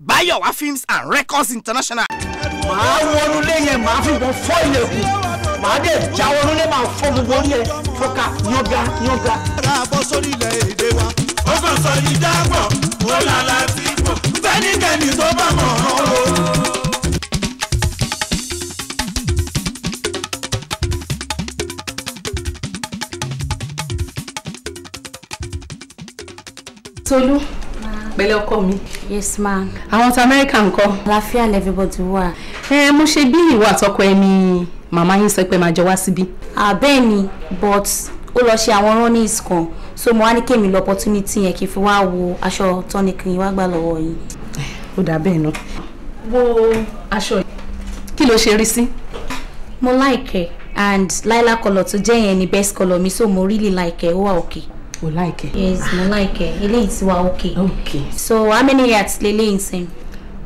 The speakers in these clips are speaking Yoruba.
bayowa films and records international. màá wọnú lé màá fi wọn fọ ilẹ̀kùn màá dẹ̀ jáwọ́ nílé màá fọ́ gbogbo orí ẹ̀ fọ́ka yánga yánga. ara àbọ̀ sórí ilẹ̀ èdè wa. ó sọ yìí dáàbọ̀ ó lálá sí ipò fẹ́nikẹ́ni tó bá mọ̀ ọ́n o. Tolu pẹ̀lẹ́ ọkọ mi. yes ma'am. àwọn ti amẹ́ríkà ńkọ́. àlàáfíà lẹ́fẹ̀bọ̀dì wà. ẹ mo ṣe bí ìwà àtọkọ ẹni màmá yín sọ pé máa jọ wá síbí. àbẹ́ẹ̀ but ó lọ ṣe àwọn runnings kan so mo wá ní kémi lọ opportunity yẹn kí n fi wá wo aṣọ tọ́ni kì í wá gbà lọ́wọ́ yìí. ó dà bẹ́ẹ̀ náà. wo aṣọ yìí kí ló ṣe rí sí. mo like ẹ and Laila colour tó jẹ́ yẹn ni best colour mi so mo really like ẹ ó wà òkè. Okay o like it. yes mo like it. eléyìí is wa okay. okay. so how many yards leléyìí sẹ́yìn.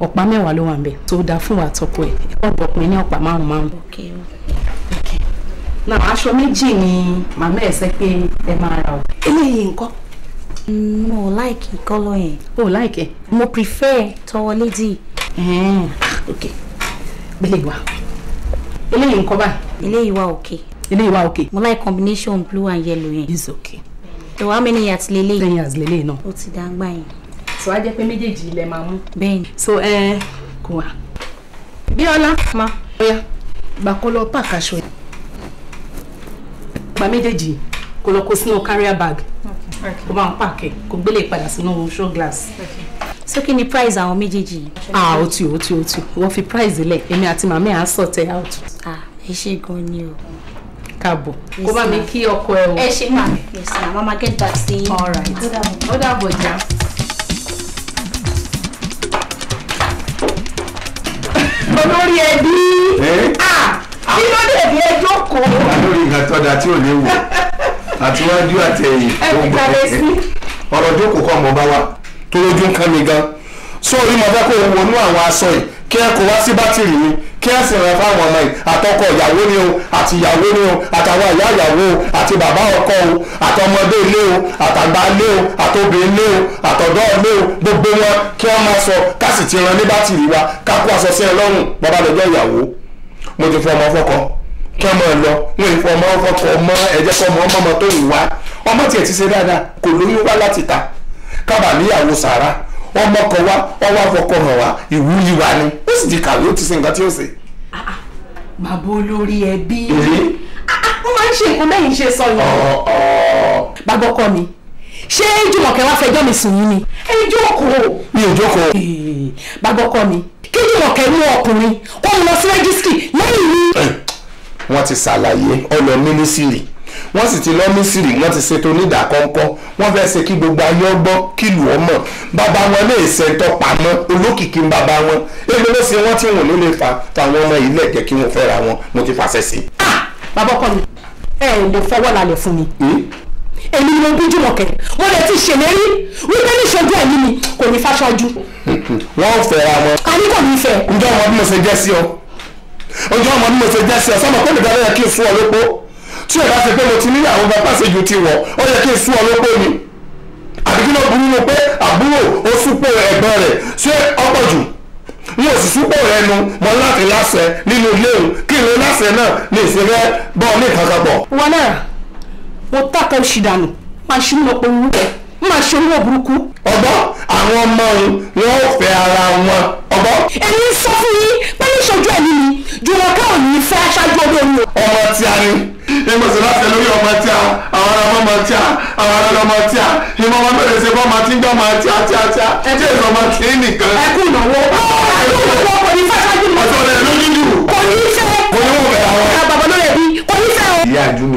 ọ̀pá mẹ́wàá ló wa lo bẹ̀ So da fun wa tọkọ ẹ̀ ẹ̀kọ́ ọ̀pọ̀pin ní ọ̀pá márùn-ún márùn-ún. okay okay. náà aṣọ méjì ni màmá ẹ̀ sẹ́ pé ẹ máa ra o. eléyìí nǹkan. Mm, mo like colour yẹn. o like it. mo prefer tọwọ́ lady. okay eléyìí wa eléyìí nǹkan báyìí. eléyìí wa okay. eléyìí wa okay. mo like combination blue and yellow yẹn. it's okay so how many years lele. ten years lele náà. o ti dàgbà yẹn. so a jẹ pé méjèèjì ilẹ̀ máa mú. bẹ́ẹ̀ni. so ẹ kò wá. bíọ́lá ma. bóyá gbà kó lọ pààkì aṣọ yìí. gba méjèèjì kó lọ kó sínú carrier bag kó bá ń pààkì kó gbélé e padà sínú show glass. so kí ni price àwọn méjèèjì yìí. ah o ti o ti o ti wọ́n fi price lẹ̀ èmi àti màmí à ń sort it out. ah ẹ ṣe gan ni o káàbọ̀ kó bá mi kí ọkọ ẹ o. ẹ ṣe máa yes ma mama get back sí i. all right ó dàbọ̀ jà. olórí ẹbí kí ló dé bí ẹ jókòó. lórí nǹkan tó dáa tí ò léwu àtiwájú àtẹ̀yìn tó ń bọ̀ ọ̀rọ̀ jókòó kọ́ ọmọ bá wa tó lójú ń kán mi gan sóòrí mo fẹ́ kó wọnú àwọn aṣọ yìí kí ẹ kó wá sí bátìrì mi kí ẹ sì ràn fáwọn ọmọ àtọkọ ìyàwó ni o àti ìyàwó ni o àtàwọn ìyá ìyàwó o àti bàbá ọkọ o àtọmọdé ilé o àtàgbà ilé o àtobìnrin ilé o àtọ̀dọ́ ilé o gbogbo wọn kí wọ́n máa sọ ká sì ti ran ní bátìrì wa ká kó aṣọ sí ẹ lọ́rùn bàbá lọ́jọ́ ìyàwó mo ti fọ ọmọ fọkọ kí ọmọ ẹ lọ wọn ì fọ ọmọ fọkọ ọmọ ẹjẹ kọ ọmọ ọmọ tó ń wá ọmọ tiẹ̀ ti ṣe dáadáa kò lóyún sì ti kàwé ó ti ṣe nǹkan tí ó ṣe. Ah, ah, bàbá olórí ẹbí ah, wọ́n máa ń ṣe nǹkan lẹ́yìn ṣe sọ yẹn. bàbá ọkọ mi ṣé jùmọ̀kẹ́ wá fẹjọ́ mi sùn yín ni. ẹ jókòó. mi ò jókòó. bàbá ọkọ mi kí jùmọ̀kẹ́ mú ọkùnrin kó lọ sí rẹ́gísítì lẹ́yìn mi. wọ́n ti ṣàlàyé ọlọ mínísírì wọ́n sì ti lọ mísírì wọ́n ti ṣètò onídàkọ́ńkọ́ wọ́n fẹ́ ṣe kí gbogbo ayé ọgbọ́n kìlù ọmọ bàbá wọn lè ṣe tọ́ pamọ́ olókìkí ń bàbá wọn èmi ló ṣe wọ́n tí wọn ò lè fa táwọn ọmọ yìí lẹ̀ jẹ́ kí wọ́n fẹ́ra wọn mo ti fàṣẹ sí. bàbá ọkọ mi ẹ ò lè fọwọ́ lálẹ́ fún mi èmi ni mo bí jùmọ̀kẹ́ mo lè ti ṣèlérí wípé níṣojú ẹ̀mí mi kò ní fáṣájú. wọ́n fẹ́ra wọn. ká ní kò ní fẹ́. ǹjọ́ ọmọ bí mo ṣe jẹ́ sí ọ ǹjọ́ ọmọ bí mo ṣe jẹ́ sí ọ sọ́mọ pé nìkan ló yẹ kí n fún ọ lóko tí ẹ bá ṣe pé mo ti nílé àwọn bàbá ṣe ju ti wọ̀ ó yẹ kí n sún ọ lóko ni àbí kí ló burú ni pé àbúrò ó súpò ẹ̀gbọ́n rẹ̀ ṣé ọ̀pọ̀ jù ní òsì súpò rẹ nu mọ láti láṣẹ nínú ilé o kí ìlú láṣẹ náà lè ṣe rẹ bọ́ ọ ní ìkankan pọ̀. wọn náà mo tàkà oṣù dànù máa ṣe nínú ọpọ ìwúrẹ máa ṣe nínú burúkú. ọgbọ́n àwọn ọmọ òun ni wọ́n fẹ́ ara wọn ọgbọ́n. èmi sọ fún yín sí láti lórí ọmọ tí a àwọn ará ọmọ tí a àwọn ará ọmọ tí a ìmọ̀ ọmọ bẹ̀rẹ̀ sí bọ́ọ̀mà tí ń gbọ́ ọmọ tí a tí a tí a tí èso ọmọ tí ń nìkan. ẹ kú ìnáwó kò ní fẹ́ ṣáájú mọ́. ọ̀sán rẹ̀ ló dùn. kò ní fẹ́. mo ní wọ́n bẹ̀rẹ̀ àwọn. bàbá lóye bí kò ní fẹ́ ìyá àjùmí.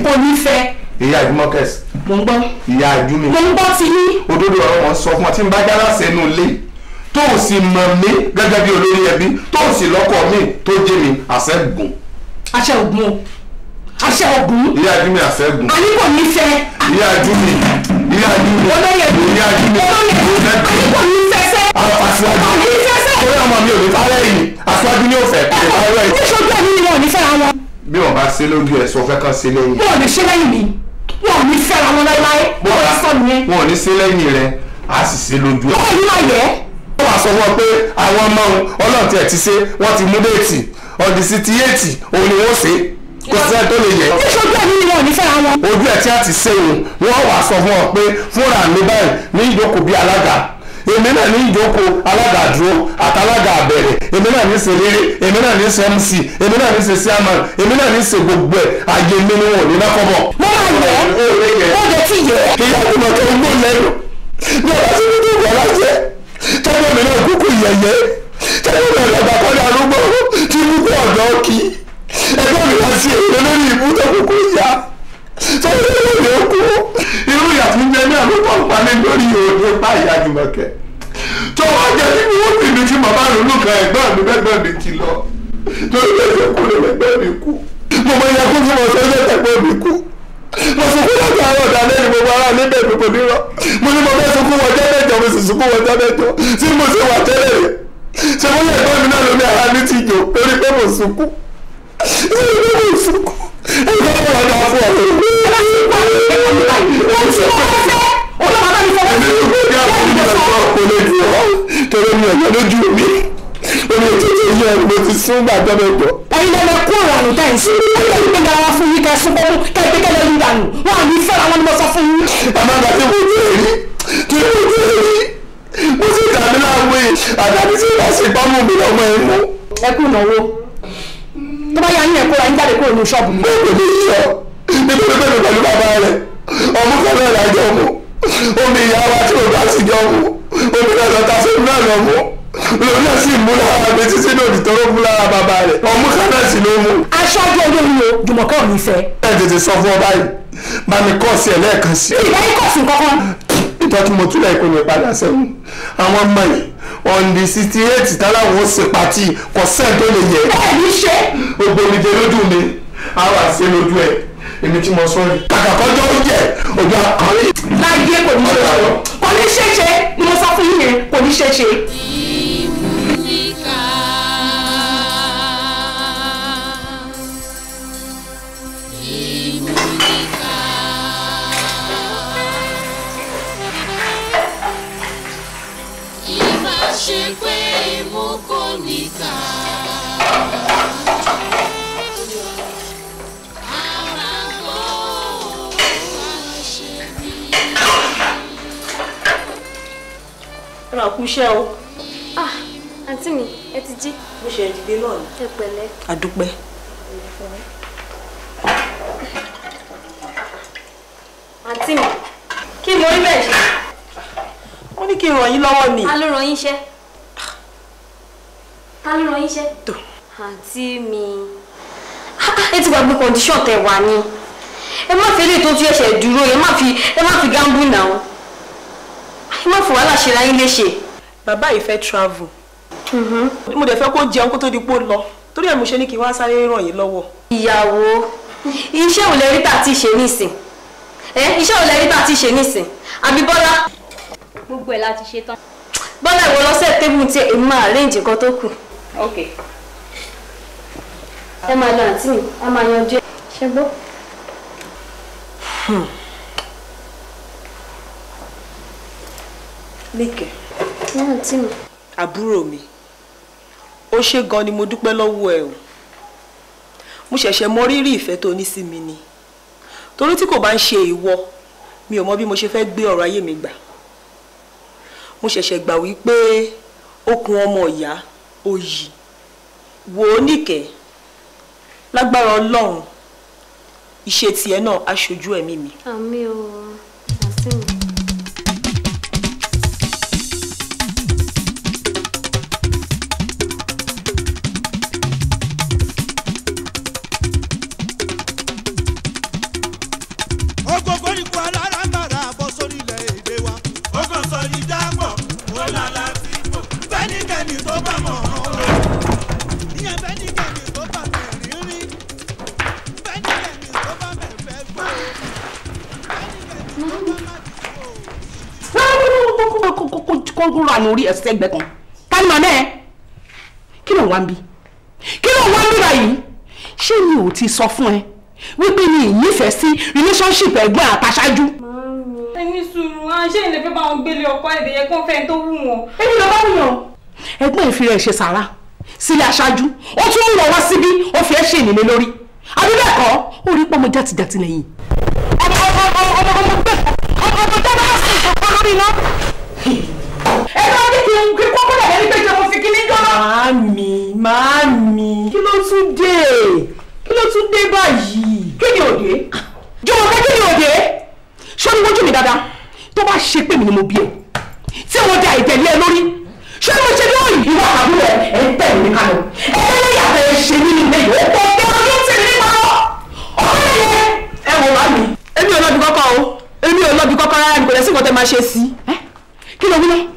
kò tó o sì mọ̀ mí gẹ́gẹ́ bí olórí ẹbí tó o sì lọ́kọ mi tó jẹ́ mi àṣẹ gùn. àṣẹ ògùn o àṣẹ ògùn. ilé ajúmi àfẹ́gùn. àníkò nífẹ̀ẹ́. ilé ajúmi ilé ajúmi olóyè ilé ajúmi olóyè àníkò nífẹ̀ẹ́sẹ́. àwọn aṣáájú torí àwọn mi ò ní fara ẹ̀yìn aṣáájú ni ó fẹ́ kí lè fara ẹ̀yìn. níṣojú ẹ̀mí ni wọn ò ní fẹ́ra wọn. bí wọn bá ṣe lójú ẹ sọ fẹ́ kán ṣe lẹ́yìn. wọn ò ní ṣe lẹ́yìn mi wọn ò ní fẹ́ra wọn láéláé wọn ò sọ nìyẹn. wọn ò ní ṣe lẹ́yìn rẹ a sì ṣe lójú ẹ. wọn ò ní máa yẹ. wọ́n wá sọ wọn pé àwọn ọmọ ọlọ́ọ̀tì ẹ̀ ti ṣe wọ́n ti mú déètì ọ̀dì sí ti éètì òun ni wọ́n ṣe é kò sẹ́ tó lè yẹ. ojú ẹ̀ nínú wọn ò ní fẹ́ra wọn. ojú ẹ̀ tí a ti sẹ́yìn wọ́n wàá sọ fún ọ pé fúnra mi báyìí ní ìjókòó bíi alága èmi náà ní ìjókòó alága dúró àtàlága àbẹ̀rẹ̀ èmi náà ní ṣe rere èmi náà ní ṣe mc èmi náà ní ṣe chairman èmi náà ní ṣe gbogbo ẹ̀ àyè mi ni wọn ò ní lákọ̀bọ̀. mo máa yẹ lòun náà sì mú lára mi títí ní òdìtọ́rọ́ mú lára bàbá rẹ̀ ọmú kánà sí ló mú. aṣáájú olórí o jùmọ̀kẹ́ ò ní fẹ́. ẹ tètè sọ fún ọ báyìí bá mi kọ́ sí ẹ lẹ́ẹ̀kan sí. ìgbà yìí kọ̀ sí kankan. ìtọ́jú mo túlẹ̀ ìpinnu ìpadà sẹ́wọ̀n àwọn ọmọ yìí on the sixty eight táláwọn ó ṣe pàtì kò sẹ́ẹ̀ tó lè yẹ. ẹ ní ṣe. gbogbo olùdé lójú mi àwọn àṣẹ lójú ẹ èmi tí mo sọ rí. kàkà kọjọ oúnjẹ òbí àkàrí. láyé kò ní ṣe é ṣe kò ní ṣe é ṣe ni mo sọ fún yín yẹn kò ní ṣe ṣe. ọ̀nà àkúṣẹ́ o. ah àǹtí mi ẹ ti jí. mo ṣe ìdìde náà ni. ẹ pẹ̀lẹ́. àdúpẹ́. àǹtí mi kí mo rí bẹ́ẹ̀ ṣe. wọ́n ní kí n ràn yín lọ́wọ́ ni. ta ló ràn yín ṣẹ́. ta ló ràn yín ṣẹ́. tó. àǹtí mi ẹ ti gbàgbé condition tẹ wà ni ẹ má fi eléyìí tó tún ẹsẹ̀ dúró ẹ fi ẹ má fi gamble náà má fò wàhálà ṣe láyé léṣe. bàbá yìí fẹ́ travel. Mhm. mo dẹ̀ fẹ́ kó jẹun kó tó di pò lọ torí ẹ̀ mo ṣe ní kí n wá sáré ràn yín lọ́wọ́. ìyàwó iṣẹ́ ò lè rí bá ti ṣe nísìn iṣẹ́ ò lè rí bá ti ṣe nísìn àbí bọ́lá. gbogbo ẹ̀ la ti ṣe tán. bọ́lá ìwọ lọ́sẹ̀ tébù tí èmi máa arrange nǹkan tó kù. ok. ẹ máa lọ àǹtí mi a máa yanjú ẹ ṣe níkẹ́. wọn àǹtí mi. àbúrò mi ó ṣe gan ni mo dúpẹ́ lọ́wọ́ ẹ o mo ṣẹ̀ṣẹ̀ mọ rírì ìfẹ́ tó ní sí mi ni torí tí kò bá ń ṣe ìwọ mi ò mọ bí mo ṣe fẹ́ gbé ọ̀rọ̀ ayé mi gbà mo ṣẹ̀ṣẹ̀ gbà wípé okùn ọmọ ìyá òyì wò ó níkẹ́ lágbára ọlọ́run iṣẹ́ tiẹ̀ náà aṣojú ẹ̀mí mi. àmì o àti kó ra àná orí ẹsẹ̀ ẹgbẹ́ kan ká ní màmá ẹ kí ló ń wá ń bí kí ló ń wá ń bí báyìí ṣé mi ò ti sọ fún ẹ wípé mi ì nífẹ̀ẹ́ sí relationship ẹ̀gbọ́n àtàṣájú. ẹni sùúrù wọn ṣé ilé fẹ́ bá wọn gbélé ọkọ ẹ̀dẹ̀ yẹ kó fẹ́ tó wù wọn. èmi ló bá wùyàn. ẹ̀gbọ́n ìfi rẹ̀ ṣe sàrà sílé aṣáájú ó tún mú wọn wá síbí ó fi ẹ́ ṣe ìnílé lórí àbí bẹ́ẹ̀ kọ́ ó rí pọ́nmọ jàtìjàtì lẹ́yìn. ọmọ ọmọ ọmọ ọmọ ọmọ ọmọ ọmọ ọmọ ọmọ ọmọ ọmọ ọmọ ọmọ ọmọ ọmọ ọmọ kí kókó dàgbà ní pé jẹun fi kíní gan. màámi màámi kí ló tún dé kí ló tún dé báyìí. kí ni òde jọ̀wọ́ pé kí ni òde ṣé ní wójú mi dáadáa tó bá ṣe pé mi ni mo bí ẹ tí mo da ìtẹ̀lé ẹ lórí ṣé mo ṣe lóyún ìwà àbúrò ẹ ẹ ń tẹ̀lé mi kánò ẹ lè yàtọ̀ ẹ ṣe nínú ilé yìí ó pọ̀ tó ọdún tí mi máa ọ̀rẹ́ yẹn ẹ wò wá mi. èmi ò lọ́bi kọ́kọ́ o èmi ò lọ́bi kọ́kọ́ rárá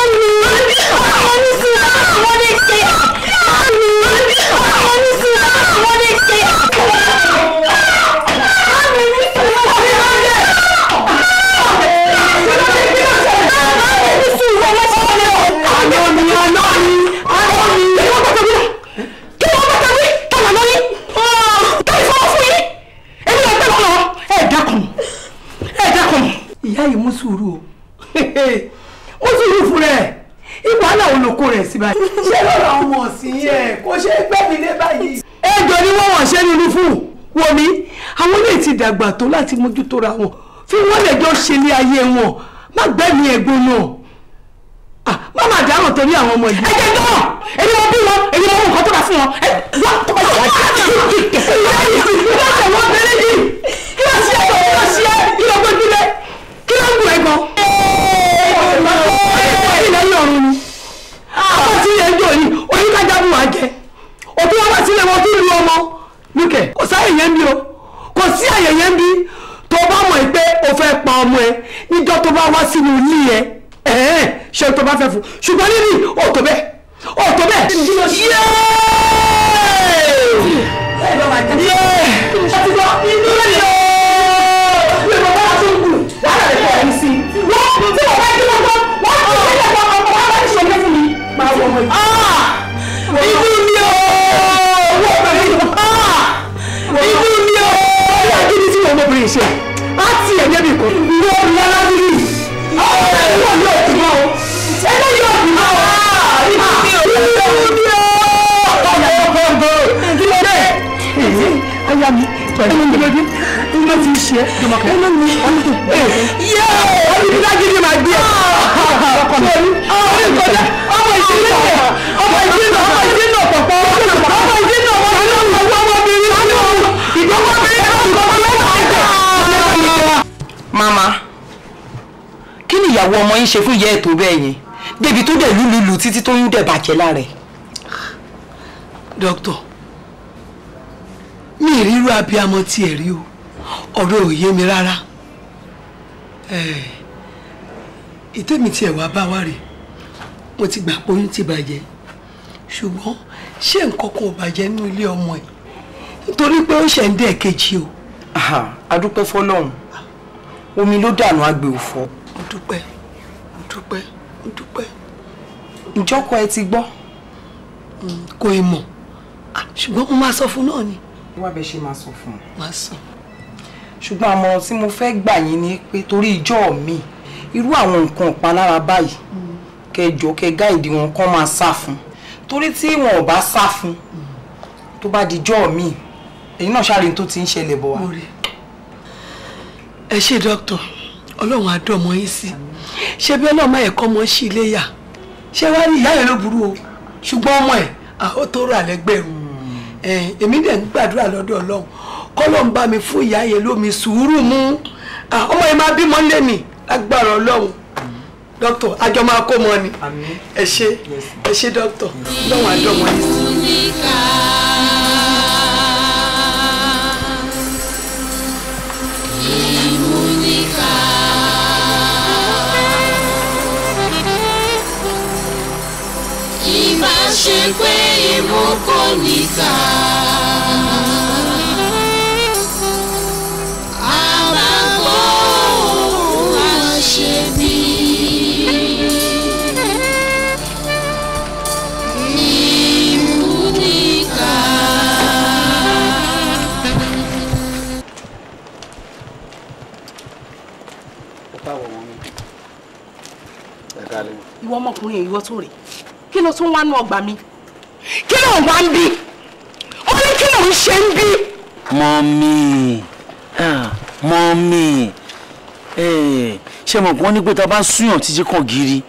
láti mójútó ra wọn fi wọ́n lè jọ ṣe ní ayé wọn má gbẹ́mí ẹ̀gbọ́n náà má má dáràn torí àwọn ọmọ yìí. ẹ̀jẹ̀ náà èmi mo bí wọn èmi mo mú nǹkan tó bá fún wọn. wọ́n tó bá yàrá jù kí kẹsì lẹ́yìn kí ló ṣe wọ́n bẹ́rẹ̀ yìí kí ló ṣe ẹ̀jọ̀ kí ló ṣe ẹ̀ kí ló gbé dúlẹ̀ kí ló ń gùn ẹ̀gbọ́n. ilẹ̀ yìí ọ̀run ni àwọn tí ilẹ̀ ń jò yìí oyún kájà bù wá jẹ òtún wọn bá sílẹ̀ wọn tún lu ọmọ lókè kò sáyẹ̀ yẹn bí o kò sí àyẹ̀ yẹn bí bá mọ̀ pé o fẹ́ pa ọmọ ẹ níjọ́ tó bá wá sínú ilé ẹ ṣe tó bá fẹ́ fún ṣùgbọ́n níbi òtò bẹ́ẹ̀ òtò bẹ́ẹ̀ yéé. ṣe fún ìyá ẹ̀ tó bẹ́ẹ̀ yẹn débi tó dẹ̀ lúlúlù títí tó ń dẹ̀ bàjẹ́ lára ẹ̀. dókítà mi ìrírú abiyamọ tí ẹ rí o ọ̀rọ̀ ò yé mi rárá ìtẹ́mi tí ẹ̀ wá bá wá rè mo ti gbà pé oyún ti bàjẹ́ ṣùgbọ́n ṣé nǹkan kan ò bàjẹ́ nínú ilé ọmọ ẹ̀ nítorí pé ó ṣẹ̀ ń dẹ̀ kejì o. a dúpẹ́ fọlọ́run omi ló dànù agbè òfò. mo dúpẹ́ dúpẹ́. ìjọkọ ẹ ti gbọ́. Hmm, kò ì mọ̀ ah, ṣùgbọ́n mo máa sọ fún náà ni. wá bẹ ṣe máa sọ fún un. máa sọ. ṣùgbọ́n àmọ́ tí mo fẹ́ gbà yín ni pé torí ìjọ mi irú àwọn nǹkan ìpalára báyìí hmm. kẹjọ kẹ gáìdì wọn kàn máa sá fún torí tí wọn ò bá sá fún hmm. tó bá dijọ́ mi èyí náà ṣáà lè tó ti ń ṣẹlẹ̀ bọ̀ wá. ẹ ṣe dókítà ọlọ́run á dọ̀ ọmọ yín sí ṣé bí ọlọ́mọ ẹ̀ kọ́ ọmọ sí ilé yà ṣé wàá rí ìyá yẹn ló burú o ṣùgbọ́n ọmọ ẹ̀ àwọn tó rà lẹ́gbẹ̀rún èmi dẹ̀ ń gbàdúrà lọ́dọ̀ ọlọ́run kọ́lọ́n bá mi fún ìyá yẹn lómi sùúrù mú ọmọ yẹn máa bímọ lé mi lágbára ọlọ́run dókítà àjọ máa kó mọ ni ẹ ṣé ẹ ṣé dókítà ọlọ́run á dọ̀ ọmọ yín sí. ṣe pé ìmú kò ní kà. ìwọ ọmọkùnrin yìí wọ́n tó rèé kí ló tún wá nú ọgbà mi kí ló wá ń bí ó ní kí ló ń ṣe ń bí. mọ́mí ah. mọ́mí ṣé mọ̀ wọ́n ní tá a bá súyàn títí kan gírí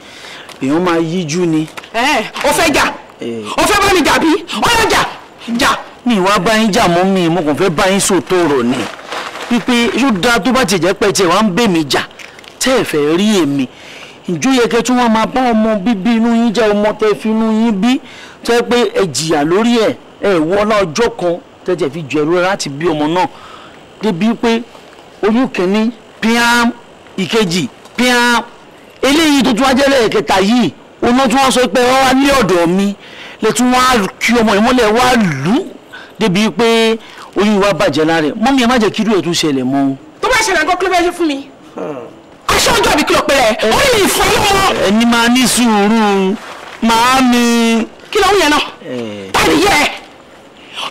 èèyàn máa yíjú ni. ó fẹ́ jà ó fẹ́ bá mi jà bí ó yẹ jà jà. mi ìwà bá yín jà mọ́mí mo kàn fẹ́ bá yín sòótọ́ ọ̀rọ̀ ni pípé yóò dáa tó bá ti jẹ́ pẹ́ tiẹ̀ wá ń bẹ̀ mí jà tẹ́ ẹ̀ fẹ́ rí èmi ìjóyèké tí wọ́n máa bá ọmọ bíbí inú yín jẹ́ ọmọ tẹ fi inú yín bí tẹ́ pé ẹ jìyà lórí ẹ̀ ẹ wọ́lá ọjọ́ kan tẹ́tẹ̀ fi jẹ̀rú láti bí ọmọ náà débi pé oyún kìíní píám ìkejì píám eléyìí tó tún wá jẹ́ lẹ́ẹ̀kẹta yìí oná tí wọ́n sọ pé wọ́n wá ní ọ̀dọ̀ mi lẹ́tún wá kí ọmọ ìmọ́lẹ̀ wá lù ú débi pé oyún wa bàjẹ́ lára ẹ̀ mọ́mí ẹ má jẹ́ kí irú ẹ̀ tún ṣẹlẹ̀ mọ́. tó bá ṣẹlẹ̀ nǹkan kí ló fún mi. Hmm ṣọ́jọ́ àbí kí ló pẹ́ eh. rẹ̀ ó ní ìfọ́ lọ́wọ́. Eh, ẹni máa ní sùúrù màá mi. kí ló ń yẹn náà eh. tàbí yẹ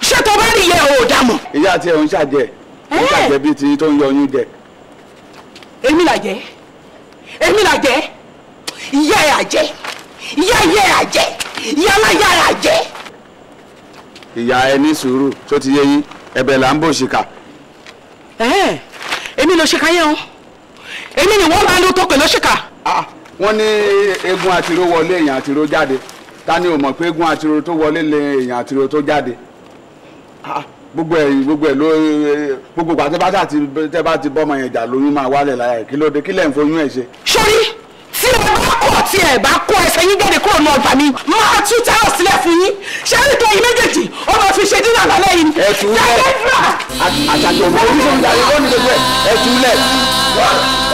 ṣé tó bá rí yẹ o ò dámọ̀. ìyá àti ẹ̀hún ṣàjẹ́ ń ṣàjẹ́ bíi ti tó ń yọ oyún jẹ. èmi là jẹ́ èmi là jẹ́ ìyá ẹ̀ àjẹ́ ìyá ẹ̀ àjẹ́ ìyá aláyà ẹ̀ àjẹ́. ìyá ẹ ní sùúrù tó ti yé yín ẹ̀bẹ̀ là ń bò ṣìkà. èmi ló ṣe káyé o èmi ni wọ́n bá ló tó pẹ̀lú ṣìkà. Ah, ah, wọ́n ní egun àtiró wọlé èèyàn àtiró jáde ta ni ò mọ̀ pé egun àtiró tó wọlé lè èèyàn àtiró tó jáde ah, gbogbo ẹ gbogbo ẹ ló eh, eh, gbogbo pàtẹ bá tà tẹ bá ti bọ́mọ yẹn jà lóyún máa wálẹ̀ láyà kí ló dé kí lẹ̀ ń foyún ẹ̀ ṣe. sori tí o bá kọ̀ tí ẹ bá kó ẹsẹ̀ yín jáde kúrò ní ọgbà mi máa tún tá a sílẹ̀ fún yín ṣé ẹni tó yín méjèèjì ó máa fi ṣe dínà lálẹ́ yìí. ẹ túlẹ̀ àtàkùn ọmọ oníṣòwò ìdàgbàsókè ní gbogbo ẹ túlẹ̀.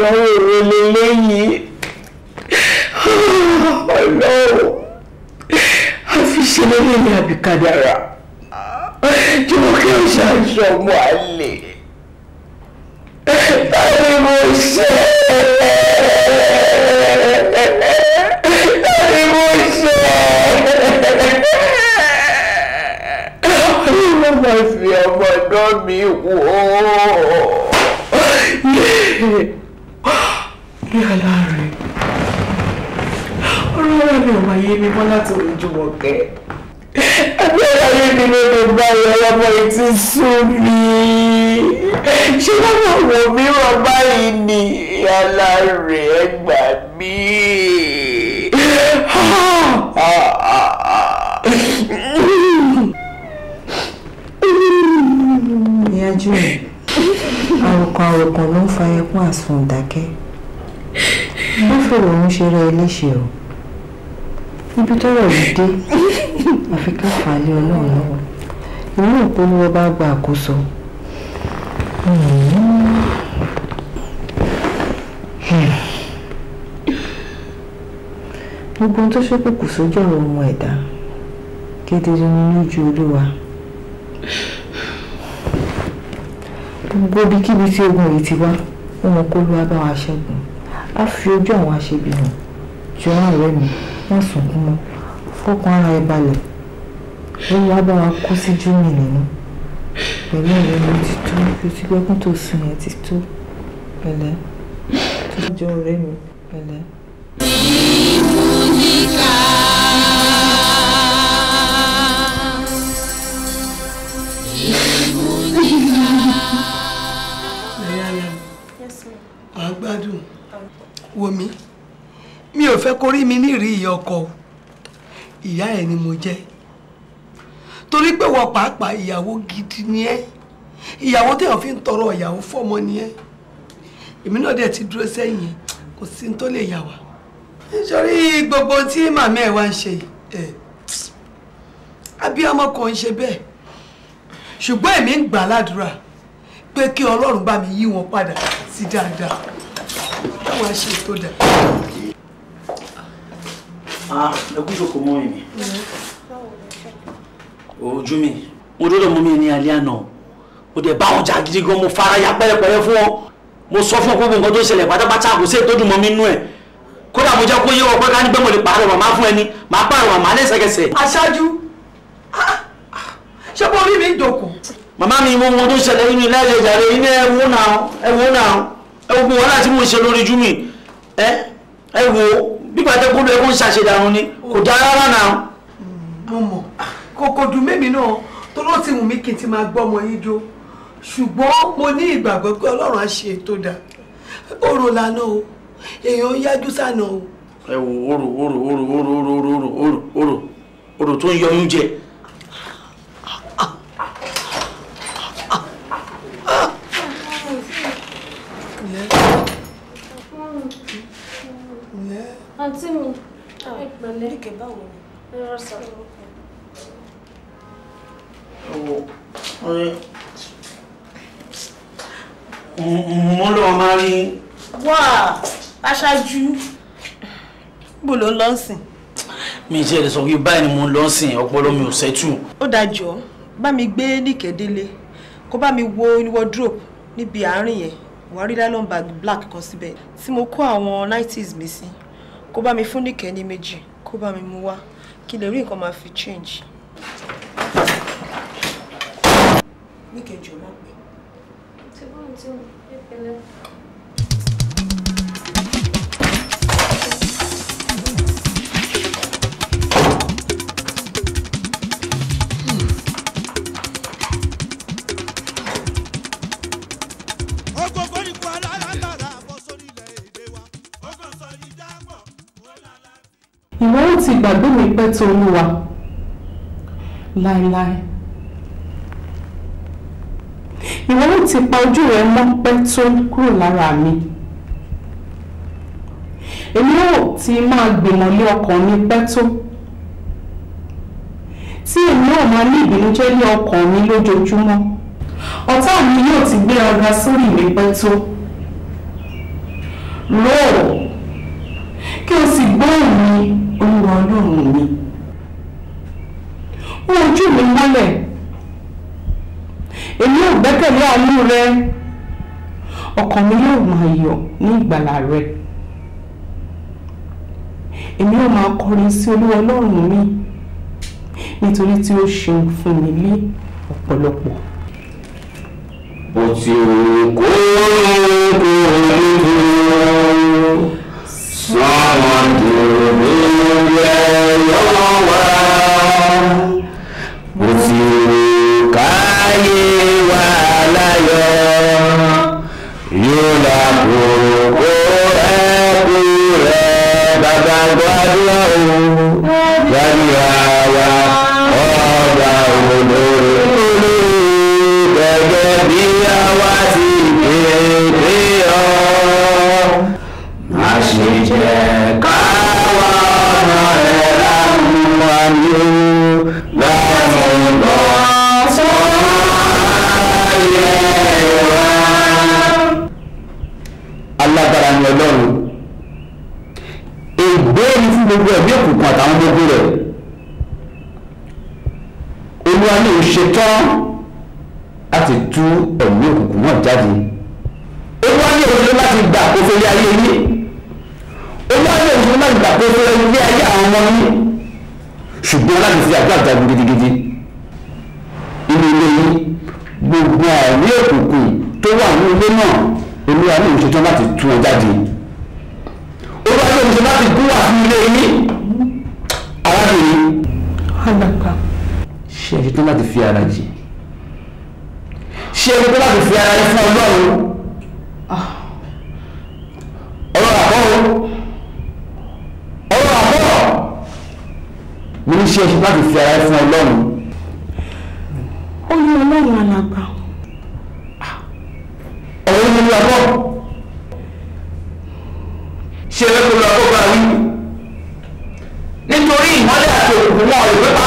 àdánwò wo leléyìí ah, ọlọ́run àfiṣẹ́lẹ́ lẹ́yìn àbíkádàrà jùmọ̀kẹ́ ò ṣàṣọ ọmọ àlè báwo mo ṣe báwo mo ṣe ọlọ́run máa fi ọmọ ọ̀dọ́ mi wò ó gbé àlá rẹ̀ ọ̀rọ̀ ara mi ò máa yé mi mọ́ láti orí Jùmọ̀kẹ́ ẹgbẹ́ ayé mi ló lè gba ìrọ̀lọ́mọ etí sún mi ṣé lọ́wọ́ wo mìíràn báyìí ni ìyálà rẹ̀ ẹgbà mí. ìyájú ẹ̀ àròkàn àròkàn ló ń fa ẹkún àsùn ìdákẹ́ má fèrè òun ṣe rẹ o níbi tọ́rọ̀ yìí dé àfi ká fà á lé Ọlọ́run lọ́wọ́ inú ìpolówó bá gba àkóso. Hmm. gbogbo ohun tó ṣépè kù sójú ọ̀rọ̀ ọmọ ẹ̀dá kedere ni lójú olúwa gbogbo ibikíbi tí ogun yìí ti wá ó mọ kó ló wá ṣẹ́gun á fi ojú àwọn aṣebi hàn jọ̀ọ́ ọ̀rẹ́ mi má sunkún mọ́ fọkàn ara ẹ balẹ̀ olúwa bá wa kó sí júmì nínú pẹ̀lú ọ̀rẹ́ mi ti tó bí gbẹ́kún tó sùn yẹn ti tó pẹ̀lẹ́ tó jọ ọ̀rẹ́ mi pẹ̀lẹ́. ìwúni ká. wò mí mi ò fẹ́ kó rí mi ní ìrí ìyá ọkọ ìyá ẹ̀ ni mo jẹ́ torí pé wọ́n pàápàá ìyàwó gidi ni ẹ́ ìyàwó téèyàn fi ń tọrọ ìyàwó fọ́mọ ni ẹ́ èmi náà dẹ̀ ti dúró sẹ́yìn kò sí tó lè yà wá nítorí gbogbo tí màmí ẹ̀ wá ń ṣe ẹ̀ abiyamọ kan ń ṣe bẹ́ẹ̀ ṣùgbọ́n èmi ń gbà ládùúrà pé kí ọlọ́run bá mi yí wọn padà sí dáadáa táwọn á ṣe tó dà. ah lẹ́kùn ìjòkó mọ́ ẹ̀mí. ojú mi mo dọ́dọ̀ mú mi ní alẹ́ àná mo dẹ̀ bá wọn jà gidi gan mo fara ya pere fún wọn mo sọ fún ọ gbogbo nǹkan tó ṣẹlẹ̀ pátápátá kò sí ètò ìdùnmọ́ mi nú ẹ̀ kódà mo jẹ́ kó yé wọn pé ká ní pé mo lè pààrọ̀ màmá fún ẹni màá pààrọ̀ màmá lẹ́sẹ̀kẹsẹ̀. aṣáájú ah, ṣé bó rí mi dòkun. màmá mi mo mọ tó ṣẹlẹ̀ inú ilé ẹ̀jẹ̀ jàre inú ẹ̀wò náà ẹ̀wò náà ẹ gbogbo wọn láti mú ṣe lórí júmì ẹ ẹ wo bí pàtẹ́ kó lọ ẹkún ṣàṣedànù ni kò dá rárá náà. mo mọ kòkò dùn mẹ́mi náà tó ló ti wù mí kí n ti máa gbọ́ ọmọ yín jó ṣùgbọ́n mo ní ìgbàgbọ́ pé ọlọ́run á ṣe tó dáa òrò lànà o èèyàn yájú sànà o. ẹ wo oro, oro, oro, oro, oro, oro, oro, òrò tó ń yọyún jẹ àǹtí mi ẹ ah, pẹ̀lẹ́ níkẹ́ báwo ni ẹ rọ sọ. mo lọ máa rí. wá aṣáájú bò ló ń lọ sìn. mi ì tiẹ̀ lè sọ pé báyìí ni mo ń lọ sìn ọpọlọ mi ò ṣẹ́tù. ó dájọ́ bá mi gbé níkẹ́ délé kó bá mi wo wardrobe níbi àárín yẹn wàá rí nylon bag black kan síbẹ̀ tí mo kó àwọn 90s mi sí kó bá mi fún nìkẹ́ ní méjì kó bá mi mú wá kí lè rí nǹkan máa fi change. nìkẹ́ jọ̀ọ́ má pẹ́. ti bọ́ọ̀lù tí mo ń pẹ́lẹ́. ìwọ ò ti gbàgbé mi pẹ́ tó olúwa láéláé ìwọ ò ti pa ojú rẹ mọ́ pẹ́ tó kúrò lára mi èmi ò ti máa gbìmọ̀ lé ọkàn mi pẹ́ tó tí èmi ò máa ní ìbìnújẹ́ lé ọkàn mi lójoojúmọ́ ọ̀tá mi yóò ti gbé ọ̀gá sórí mi pẹ́ tó rò kí o sì gbóhùn mi. ó ojú mi mọ́lẹ̀ èmi ò gbẹ́kẹ̀lé àánú rẹ ọkàn mi yóò máa yọ̀ ní ìgbàlà rẹ èmi ò máa kọrin sí olúwa ọlọ́run mi nítorí tí ó ṣeun fún mi ní ọ̀pọ̀lọpọ̀. bó ti kú kú ní. tán a ti tú ẹ̀mí òkùnkùn náà jáde olúwa ní òṣèlú láti gbà kó fẹ́ lé ayé yín olúwa ní òṣèlú láti gbà kó fẹ́ lé ayé àwọn ọmọ yín ṣùgbọ́n láti fi àgbà jagun gidigidi inú ilé yín gbogbo àìní òkùnkùn tó wà ní ilé náà olúwa ní òṣèlú láti tú wọn jáde olúwa ní òṣèlú láti gún wà sí ilé yín arábìnrin. alàgbà ṣé ẹ ṣetán láti fi ara jì ṣé ẹ ṣetán láti fi ara yín fún ọlọ́run ọ̀rọ̀ àbọ̀rọ̀ ọ̀rọ̀ àbọ̀rọ̀ mo ní ṣé ẹ ṣetán láti fi ara yín fún ọlọ́run. ó ní ọlọ́run alàgbà. ọ̀rọ̀ yìí ni àbọ̀ ṣé ẹ lọ́kọ̀ọ́ lọ́kọ̀ọ́ bá wí nítorí ìmọ́lẹ̀ àti òkùnkùn wọn ò lè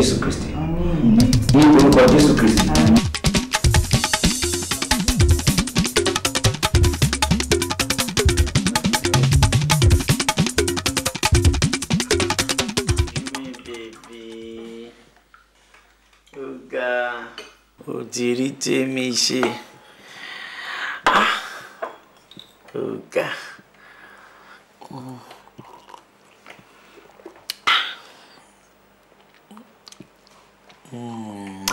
Jésù Kristi ní orúkọ Jésù Kristi. òdìrí tèmi ṣe ah, ọ̀gá. Oh. Hmm.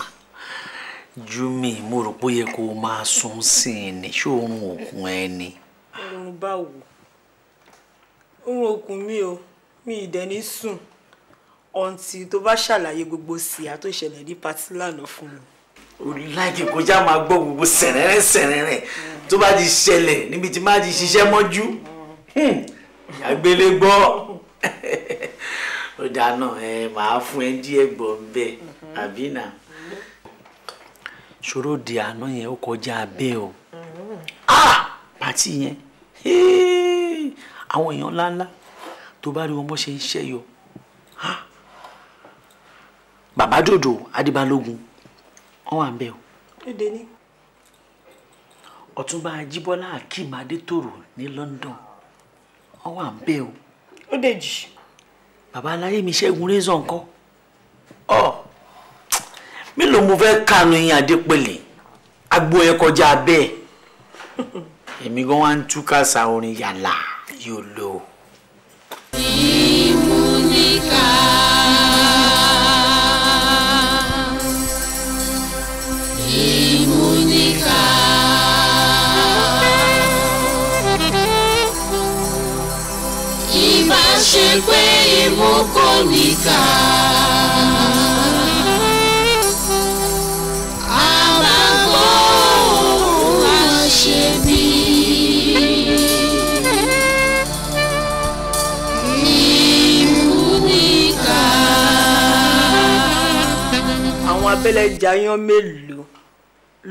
Júmi mo rò pé ó yẹ kó o máa sùn sí i ni ṣé oorun òkun ẹ ni. oorun báwo oorun òkun mi o mi ì dẹ̀ ní sùn ọ̀ǹtì tó bá ṣàlàyé gbogbo síyà tó ṣẹlẹ̀ ní patí lánàá fún mi. olùlàjì kọjá máa gbọ́ gbogbo sẹ̀rẹ̀rẹ̀ sẹ̀rẹ̀rẹ̀ tó bá ti ṣẹlẹ̀ níbi tí máa ti ṣiṣẹ́ mọ́jú àgbélé hmm. gbọ́ ó dáná ẹ màá fún ẹ díẹ̀ gbọ́ bẹ́ẹ̀. Abina, nà ṣòro di àná yẹn ó kọjá abẹ́ o pàtí yẹn àwọn èèyàn ńláńlá tó bá rí wọn bó ṣe ń ṣẹ́yọ bàbá dòdò adébálógun wọn wà ń bẹ o. èdè ni. ọ̀túnba ajíbọ́lá akeem adétòrò ní London wọn wà ń bẹ o. ó dèjì. bàbá aláyé mi ṣẹ́gun rézọ̀ ńkọ́. Oh mélòó mo fẹ́ kànú yín adépèlé agbo ẹ kọjá bẹ́ẹ̀ èmi gan wá ń túká sa orin yàrá yóò lò. ìmúníkà. ìmúníkà. ìbá abẹ́lẹ́jà yan mélòó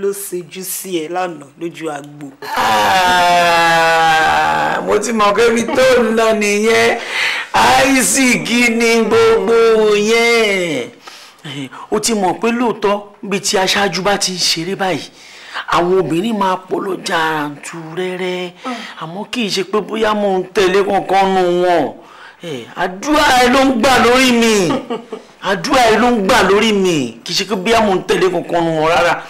ló ṣejú sí ẹ lánàá lójú agbo. Ah, mo ti mọ̀ pé ibi tó ń lọ nìyẹn àìsíkì ni gbogbo yẹn eh, o ti mọ̀ pé lóòótọ́ bíi ti aṣáájú bá ti ń ṣeré báyìí àwọn obìnrin máa pọ̀ lọ́jà àǹtú rẹ́rẹ́ kì í ṣe pé bóyá mo ń tẹ̀lé kankan nù wọn eh, àdúrà ẹ ló ń gbà lórí mi àdúrà ẹ ló ń gbà lórí mi kì í ṣe pé bíyà mo ń tẹ̀lé kankan nu wọn rárá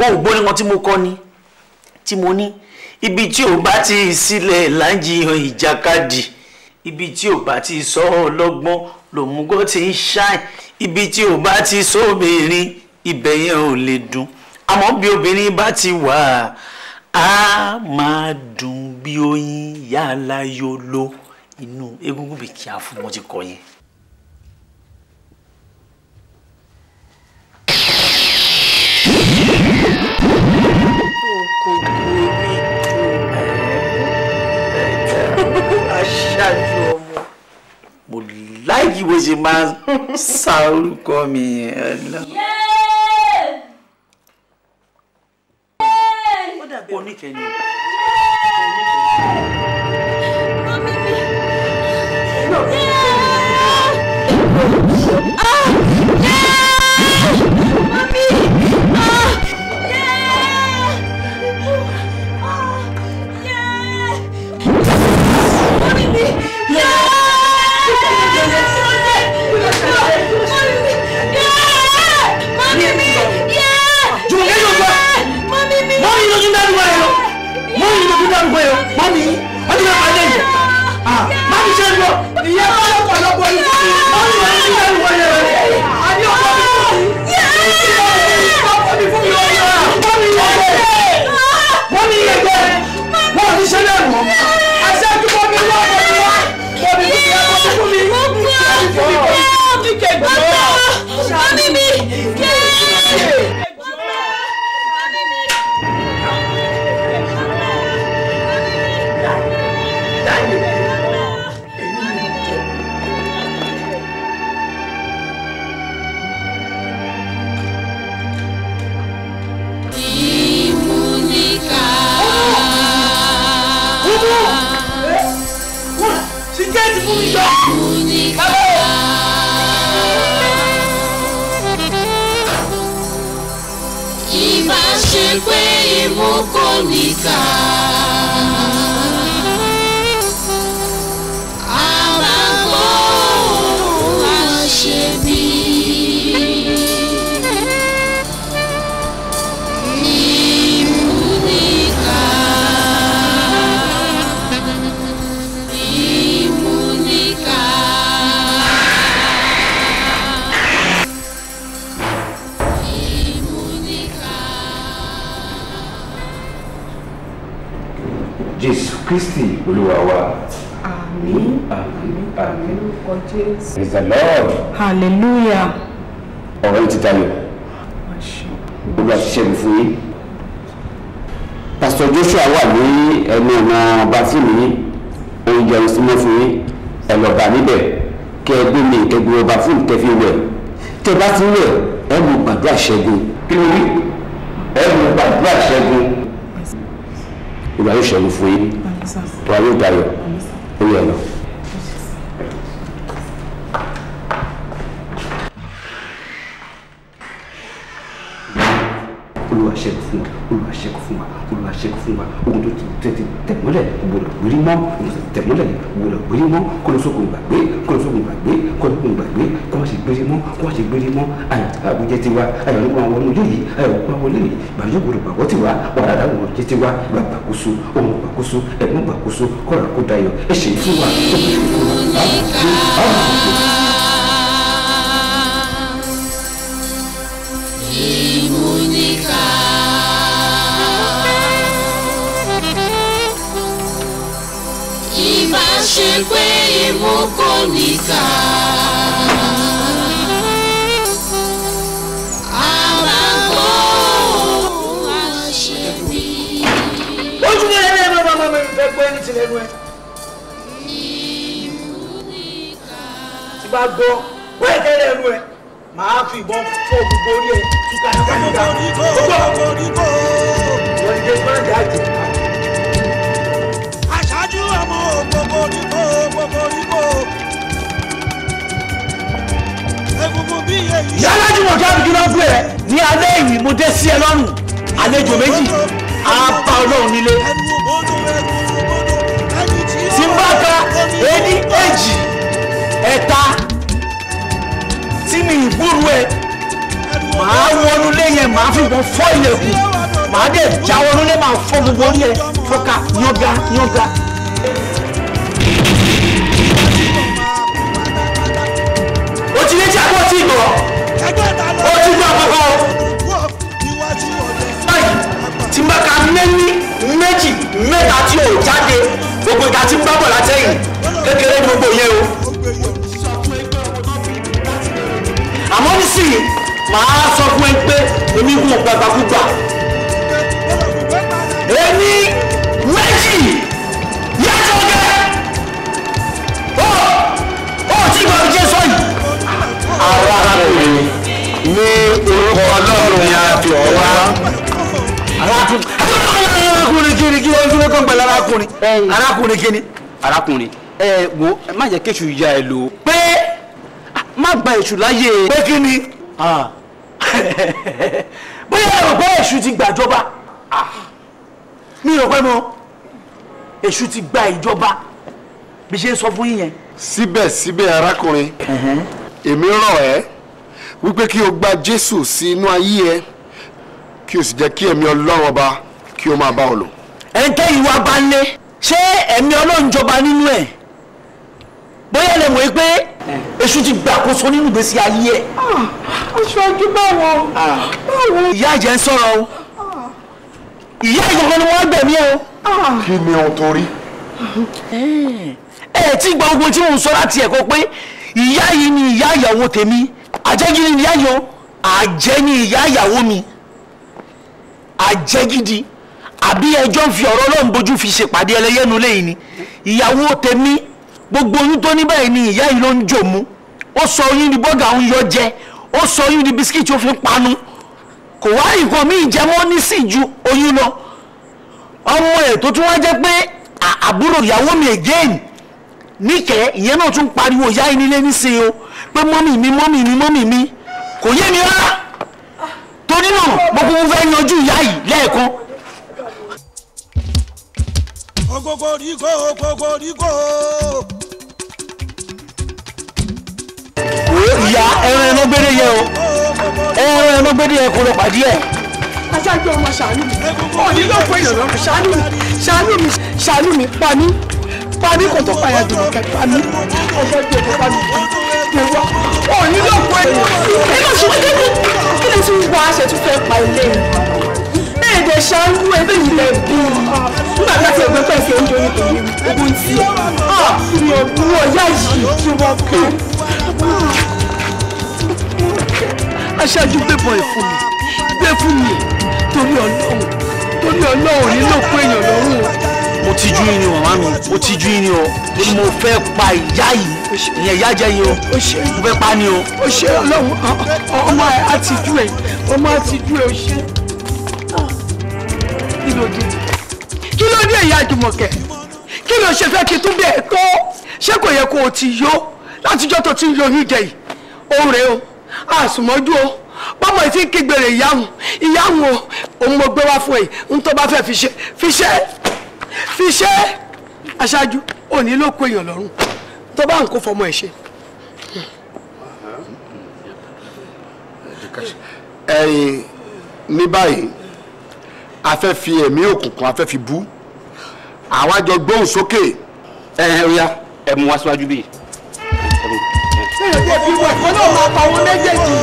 ó gbọ́ ní wọn tí mo kọ́ ni tí mo ní ibi tí ò bá ti sílẹ̀ láǹjiyàn ìjàkadì ibi tí ò bá ti sọ ọlọ́gbọ́n lòmùgọ́ ti ń ṣáì ibi tí ò bá ti sọ ibẹ̀ yẹn ò lè dùn àmọ́ bí obìnrin bá ti wà á máa dùn bí oyin yàrá yóò lo inú egungun bìkì àfọmọ́ ti kọ yẹn. aṣáájú ọmọ. mo láyìí bó ṣe máa sa orúkọ mi lọ. ó dàbí oníkẹ́ni. oníkẹ́ni. ló fi dárúkọ yẹn mọ́ mi wọ́n ti fẹ́ máa lé yẹn má fi ṣe é lọ ìyẹn bá lọ́pọ̀lọpọ̀ yìí mọ́ mi wọ́n ti ọ̀rọ̀ yìí ti tayọ gbogbo àṣìṣe mi fún yín pásítọ̀ Joshua wà ní ẹnu ọ̀nà bàtìmí yín òun jẹun sí mọ́ fún yín ẹ lọ bá níbẹ̀ kẹ ẹ gbé mi kẹ gbé ọba fún ìtẹ́fí wẹ̀ tẹ bá ti wẹ̀ ẹ mú gbàdúrà ṣẹ́gun kí ló wí ẹ mú gbàdúrà ṣẹ́gun ìgbà yóò ṣẹ́gun fún yín ìgbà yóò tayọ ó yẹ olúwa ṣẹ́gun fún wa olúwa ṣẹ́gun fún wa olúwa ṣẹ́gun fún wa ogun tó ti tẹ̀ tẹ̀mọ́lẹ̀ gbọdọ̀ gbérí mọ́ tẹ̀mọ́lẹ̀ gbọdọ̀ gbérí mọ́ kọlọ́sọ́gun ìgbàgbé kọlọ́sọ́gun ìgbàgbé kọlọ́sọ́gun ìgbàgbé kọ́ ṣe gbérí mọ́ kọ́ ṣe gbérí mọ́ àbújẹ tiwa ayọ̀lọ́gbọ̀n àwọn ọmọ eléyìí ayọ̀lọ́gbọ̀n àwọn eléyìí ìgbàlódé gbọdọ̀ gbàgbọ́ tiwa wàhálà àwọn ọmọ jẹ tiwa gbàgbàkóso ọmọ gbàkóso ẹ̀gbọ́n gbàkóso ṣe pé imú kò níkà. tí bá gbọ́ wọ́n èké lẹ́nu ẹ̀ màá fi ìbọn fọ́ gbogbo orí ẹ̀ túká ní kàdídà. ọgbọ́n ọgbọ́n ọgbọ́n ọgbọ́n ọgbọ́n ọgbọ́n ọgbọ́n ọgbọ́n ọgbọ́n ọgbọ́n ọgbọ́n ọgbọ́n ọgbọ́n ọgbọ́n kokoriko kokoriko egungun bí èyí. yálà jùlọ kí abigi náà gbé ẹ ní alẹ́ ìwì mo dé sí ẹ lọ́rùn àlejò méjì á bá ọlọ́run nílé tí n bá ka ení èjì ẹ̀ta tí mi ìgbúrú ẹ màá wọnú lẹ́yìn màá fi ìbọn fọ́ ilẹ̀kùn màá dẹ̀ já wọnú màá fọ́ gbogbo orí ẹ fọ́ka yángá yángá. ti gbọ́ ó ti gbọ́ àkọ́kọ́ báyìí tí n bá ka méjì méjì mẹ́ta tí ò jáde gbogbo ìta tí n bá bọ̀ látẹ̀yìn kékeré gbogbo yẹn o àmọ́ nísìnyí màá sọ fún ẹ pé èmi kò gbàgbàkúgbà èmi. arákùnrin ní orúkọ ọlọ́run ni a fi ọ̀ wá. arákùnrin kiri kí wọ́n tún lè kọ́ pẹ̀lú arákùnrin arákùnrin kiri. arákùnrin ẹ wo má jẹ́ kéṣù ya ẹ lò. pé má gba èṣù láyè. pé kí ni. bóyá ẹ̀rọ pé èṣù ti gbàjọba mi ò pẹ́ mo. èṣù ti gba ìjọba bí ṣe ń sọ fún yín síbẹ̀síbẹ̀ arákùnrin èmi rọ̀ ẹ́ wípé kí o gba Jésù sí inú ayé ẹ kí o sì jẹ́ kí ẹ̀mí Ọlọ́run ọba kí o máa bá ọ lò. ẹ ń tẹ́ ìwà bá lé ṣé ẹ̀mí Ọlọ́run jọba nínú ẹ̀ bóyá lè mọ̀ pé èṣù ti gbàkóso nínú ìgbésí ayé ẹ̀. aṣáájú ah, ah. báwo. ìyá ìjẹ́ ń sọ̀rọ̀ o ìyá ìjọba ni wọ́n gbẹ̀mí o. Ah. kí ni ohun tó rí. Eh, ẹ ẹ tí gbọ́ ogun tí mò ń sọ láti ẹ̀kọ́ pé ìyá yìí ni ìyá ìyàwó tèmi àjẹgidi ni ìyá yọ àjẹ ni ìyá ìyàwó mi àjẹgidi àbí ẹjọ́ ń fi ọ̀rọ̀ ọlọ́run bójú fi ṣèpàdé ẹlẹ́yẹnu lẹ́yìn ni ìyàwó tèmi gbogbo oyún tó ní báyìí ni ìyá yìí ló ń jò mú ó sọ oyún ni bọ́gà ń yọ jẹ ó sọ oyún ni bisikíìtì ó fi panu kò wá nǹkan míì jẹ mọ́ ní sí ju oyún lọ ọmọ ẹ̀ tó tún wá jẹ́ pé àbúrò ìyàwó mi again níkẹ́ ìyẹn náà tún pariwo ìyá ìnílé nísìnyí o pé mọ́mì mi mọ́mì mi mọ́mì mi kò yé mi rárá torí náà mo kúkú fẹ́ yanjú ìyá yìí lẹ́ẹ̀kan. kokoríko kokoríko. wo ìyá ẹran ẹran gbére yẹ o ẹran ẹran gbére yẹ kó lọ pàdé ẹ. aṣáájú ọmọ ṣàánú mi òní ló fọ ìṣòro ṣàánú mi ṣàánú mi ṣàánú mi pa mí pani kò tó payà jòlò kẹ pani ọjọ́ jẹ kó pani kò wá. ó ní pé ẹ lọ sí ọjọ́ kí ni tún wá ṣe tún fẹ́ pa ilé mi. bẹ́ẹ̀ dẹ̀ ṣáájú ẹgbẹ́ yìí lẹ bí i nígbà tá a ti ẹgbẹ́ pẹ̀sẹ̀ oúnjẹ orí tèmi ogun tí ọ̀ mi ò bú ọ̀yá yìí tí wọ́n kú. aṣáájú gbẹ̀bọ̀ ẹ̀ fún mi gbé fún mi torí ọlọ́run torí ọlọ́run nílò pé èèyàn lọ́rùn o mo ju yín ni o màmá mi mo tijú yín ni o ni mo fẹ́ pa ìyá yìí ìyẹn ìyá jẹ yìí o mo fẹ́ pa ni o. o ṣe Ọlọ́run ọmọ ẹ á ti ju ẹ ọmọ á ti ju ẹ o ṣe. kí ló dé kí ló dé ìyá Jùmọ̀kẹ́ kí ló ṣe fẹ́ kí tún bẹ́ẹ̀ tó ṣé kò yẹ kó o ti yó látijọ́ tó ti ń yọ yín jẹ yìí òun rèé o àsùnmọ́jú o bọ́mọ̀ ìtí kígbèrè ìyáhùn ìyáhùn o òun mo gbé wá fún ẹ ń tó bá fẹ́ fi ṣe fi ṣe fi ṣe aṣáájú òní ló kó èèyàn lọ́rùn tó bá ń kó fọmọ ẹ̀ ṣe. ẹ̀yin ní báyìí a fẹ́ fi ẹ̀mí òkùnkùn a fẹ́ fi bú àwa jọ gbóhùn sókè ẹ̀hìn ríà ẹ̀ wá síwájú bíi. ṣé ìrètí ẹbí wọ̀ ẹ̀fọ́ náà máa pa àwọn méjèèjì.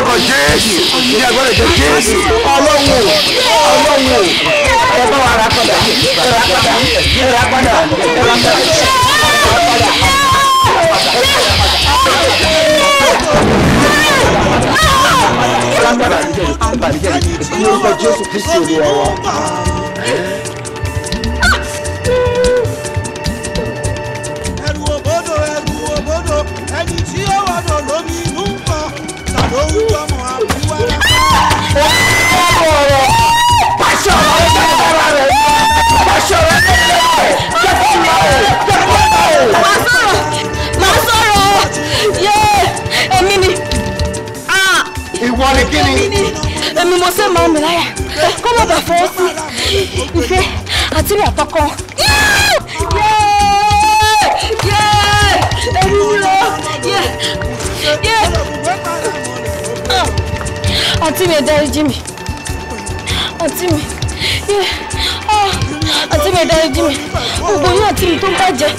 ọkọ̀ jésù ní agbára ìjọ jésù ọlọ́run ọlọ́run ẹ bá wa ra padà ẹ ra padà ẹ ra padà ẹ ra padà ẹ ra padà. Ní orúkọ Jésù Kristi Olúwa wa. Ẹ̀rù òbodò ẹ̀rù òbodò ẹni tí ó wà lọ lómi inú kan tàbí orúkọ mọ̀ àbúwá. Ó ń bọ̀ ọ̀rọ̀ pàṣẹ ọ̀rọ̀ ọ̀rọ̀. kíni. èmi mo ṣe máa mi láyà kó má bàa fọwọ́ sí ìfẹ́ àti ìrìn àtọkọ. èmi ni o àti mi ẹ̀dá ẹ̀jí mi àti mi àti mi ẹ̀dá ẹ̀jí mi gbogbo yín àti mi tó ń bàjẹ́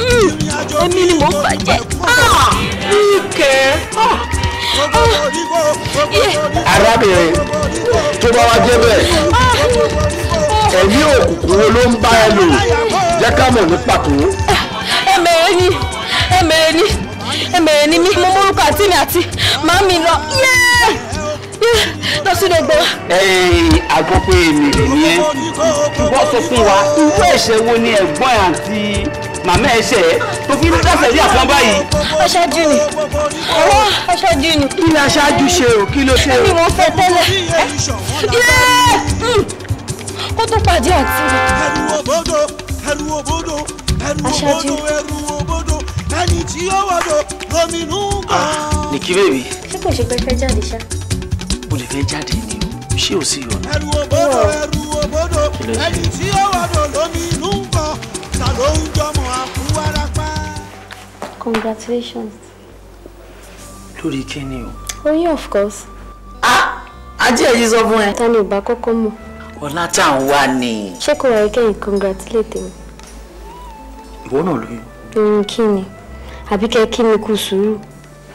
mm, èmi ni mò ń bàjẹ́. ìkẹ́. Ah, arábìnrin tó bá wá jẹ́ bẹ́ẹ̀ ẹ̀mí òkùnkùn wo ló ń bá ẹ lò jẹ́ ká mọ̀ ní pàtó. ẹ̀mẹ̀rẹ̀ ni ẹ̀mẹ̀rẹ̀ ni ẹ̀mẹ̀rẹ̀ ni mi mo mórúkọ àti mi àti màmí lọ lọ sí gbogbo. àgọ́ pé èmi rè ni ẹ́ wọ́n sọ fún wa irú ẹ̀ṣẹ̀ wo ni ẹ̀gbọ́n àti màmá ẹ ṣe é tó fi dáṣẹ ilé àfọn báyìí. aṣáájú ni ọwọ́ aṣáájú ni. kí ni aṣáájú ṣe o kí ló ṣe o. ẹni mo fẹ́ tẹ́lẹ̀ hmm. kó tó pàdé àti. ẹrù òbodò ẹrù òbodò ẹrù òbodò ẹrù òbodò ẹni tí ó wọdọ lómìnú gbà. Ah, ní kí bèbí. ṣé kò ṣe pé fẹ́ jáde ṣá. o lè fẹ́ jáde ni o ṣé o sì yọ̀ ọ́. ẹrù òbodò ẹrù òbodò ẹni tí ó wọdọ lómìnú ló ń jọmọ àkúwárapá. congratulations. lórí kíni o. oyún oh, of course. Ah, ajé èyí sọ fún ẹ. ta ni ìbá kọ́kọ́ mọ̀. ọlá tá à ń wá ni. ṣé kò wáyé kẹ́yìn congratulate mi. ìwọ náà lóyún. irun hmm, kí ni àbí kẹ́ kí mi kú sùúrù.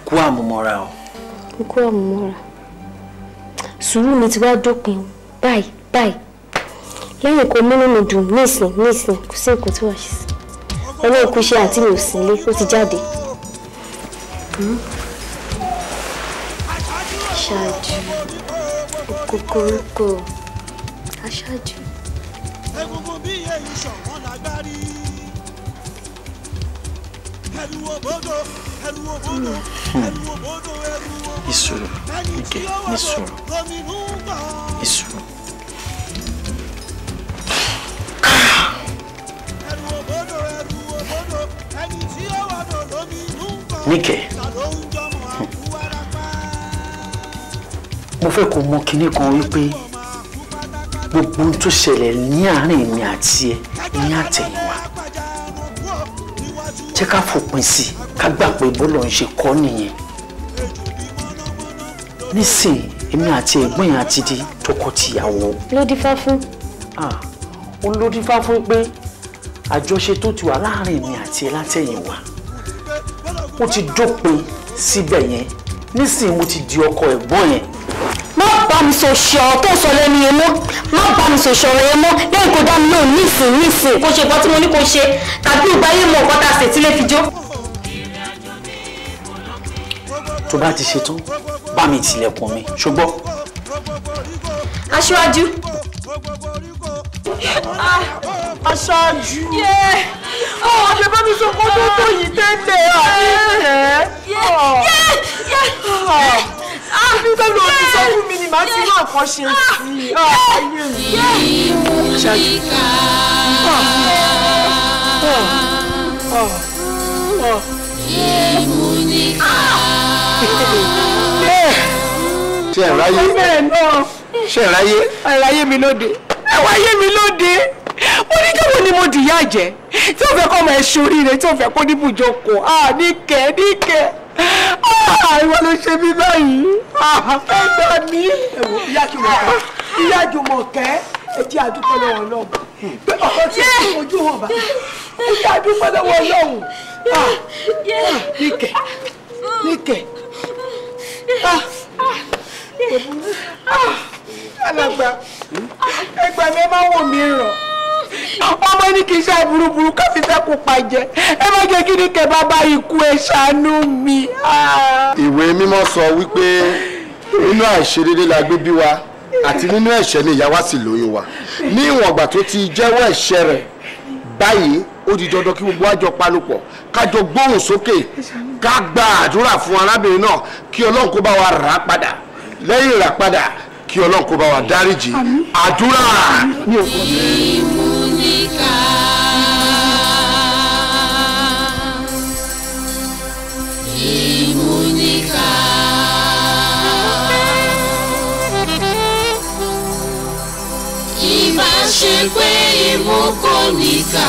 kú àmúmọ́ra o. kú àmúmọ́ra sùúrù mi ti wá dópin báyìí báyìí lẹ́yìn kò múnú mi dùn nísìn nísìn kò sí nǹkan tí wọ́n ṣe sí ọlọ́run kò ṣe àǹtí mi ò sí ilé ó ti jáde. ṣáájú hmm? kòkòrò aṣáájú. egungun bí èyí ṣọ̀wọ́n lágbárí ẹrù òbodò ẹrù òbodò ẹrù òbodò ẹrù òbodò. ìṣòro nígẹ níṣòro ìṣòro. níkẹ́ mo fẹ́ kó mọ kinní kan wípé gbogbo ohun tó ṣẹlẹ̀ ní àárín mi àti ẹ ní àtẹ̀yìnwá jẹ́ ká fòpin sí i ká gbà pé bọ́lọ̀ ń ṣe kọ́ nìyẹn nísìn èmi àti ẹ̀gbọ́n yẹn àti di tọkọ-tìyàwó. ló dífá fún. ó ló fún pé àjọṣe tó ti wà láàrin mi àti ẹ látẹ̀yìn wa ó ti dópin síbẹ̀ yẹn nísìnyí mo ti di ọkọ ẹ̀gbọ́n yẹn. má bá mi sọ ṣe ọ̀rọ̀ tó ń sọ lẹ́nu yẹn mọ́ má bá mi sọ ṣe yẹn mọ́ lẹ́yìn kó dá mi lóhùn nísìn nísìn kó ṣe nǹkan tí mo ní kó ṣe tàbí ìgbà yìí mọ̀ nǹkan tá a ṣe fi jó. tó bá ti ṣetán bá mi tilẹ̀kùn mi ṣùgbọ́n. aṣíwájú. Ah, aṣáájú ọ̀hún ṣe bá mi sọ fún ọdún tó yìí tẹ́lẹ̀ àníyàn nígbà ló ti sọ fún mi ni màá ti máa kọ́ ṣe ah. sí ah, ayé mi. ṣáájú ṣe ẹ̀ ráyé ṣe ẹ̀ ráyé. ẹ̀ ráyé mi lóde ẹ wá yé mi lóde mo ní káwọn ni mo dìyà jẹ tí ó fẹ́ kọ́ ọmọ ẹ ṣoríire tí ó fẹ́ kó níbù jókòó à níkẹ́ níkẹ́ ìwọ ló ṣe mí báyìí ẹ gbà mí. ìyá jùmọ̀kẹ́ ìyá jùmọ̀kẹ́ ẹ jẹ́ àdúpẹ́ lọ́wọ́ ọlọ́run pé ọkọ tí ó ti fojú hàn bá ẹ jẹ́ àdúpẹ́ lọ́wọ́ ọlọ́run níkẹ́ níkẹ́ alàgbà ẹgbà mi ẹ má wò mí ràn ọmọ ní kì í ṣe burúburú káfí fẹ́ kó pàjẹ́ ẹ má jẹ́ kí ni kẹ́ bàbá ikú ẹ ṣàánú mi. ìwé mímọ́ sọ wípé nínú àìṣedéédé la gbé bí wa àti nínú ẹ̀ṣẹ̀ ni ìyá wa sì lóyún wa ní ìwọ̀n ìgbà tó ti jẹ́wọ́ ẹ̀ṣẹ̀ rẹ̀ báyìí ó di dandan kí gbogbo àjọ palopọ̀ kájọ gbóhùn sókè ká gba àdúrà fún arábìnrin náà kí ọlọ́run kó bá wa rà á padà lẹ́yìn rà padà kí ọlọ́run kó bá wa dáríjì àdúrà. ìbá ṣe pé